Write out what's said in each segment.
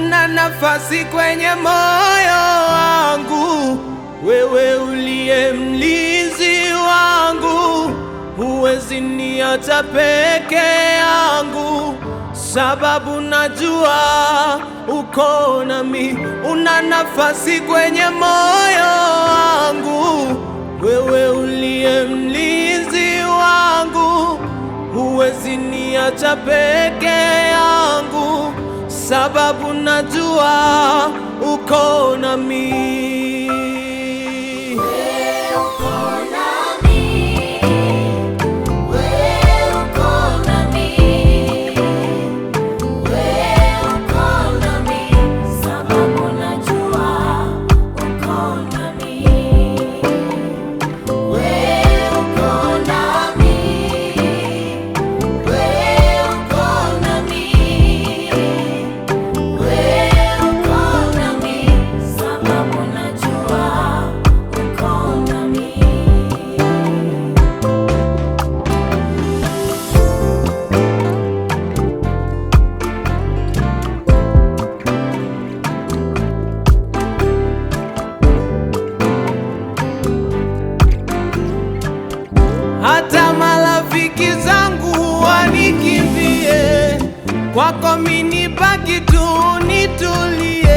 Una nafasi kwenye moyo wangu, wewe uliye mlinzi wangu, huwezi niacha peke yangu, sababu najua uko nami. Una nafasi kwenye moyo wangu, wewe uliye mlinzi wangu, huwezi niacha peke yangu sababu najua uko nami. hata marafiki zangu wanikimbie, kwako mimi nibaki tu nitulie.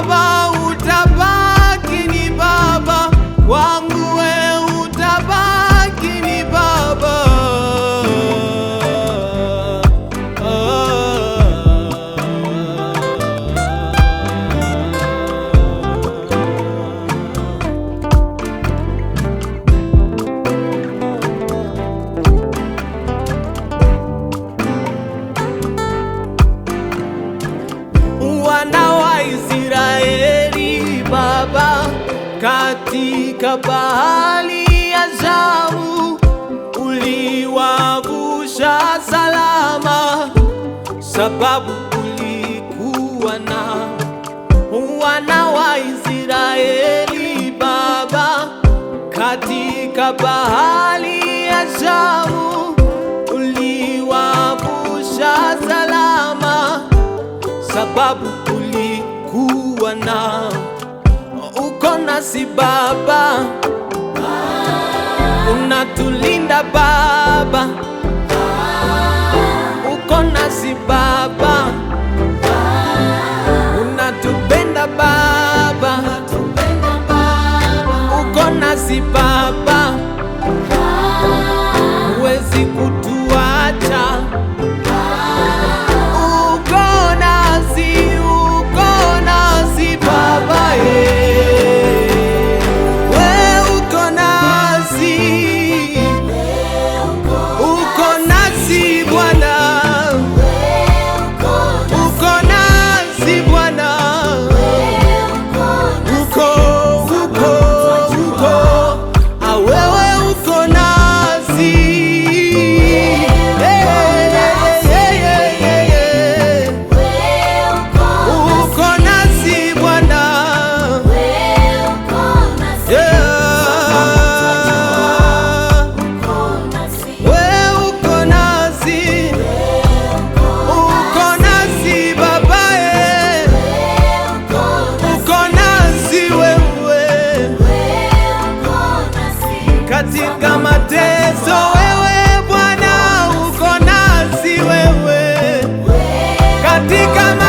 ¡Vamos! katika bahari ya zamu, uliwavusha salama, sababu ulikuwa na wana wa Israeli Baba, katika bahari ya zamu, uliwavusha salama, sababu ulikuwa na nasi Baba, unatulinda Baba, uko nasi Baba, unatupenda Baba, uko nasi Baba platícame.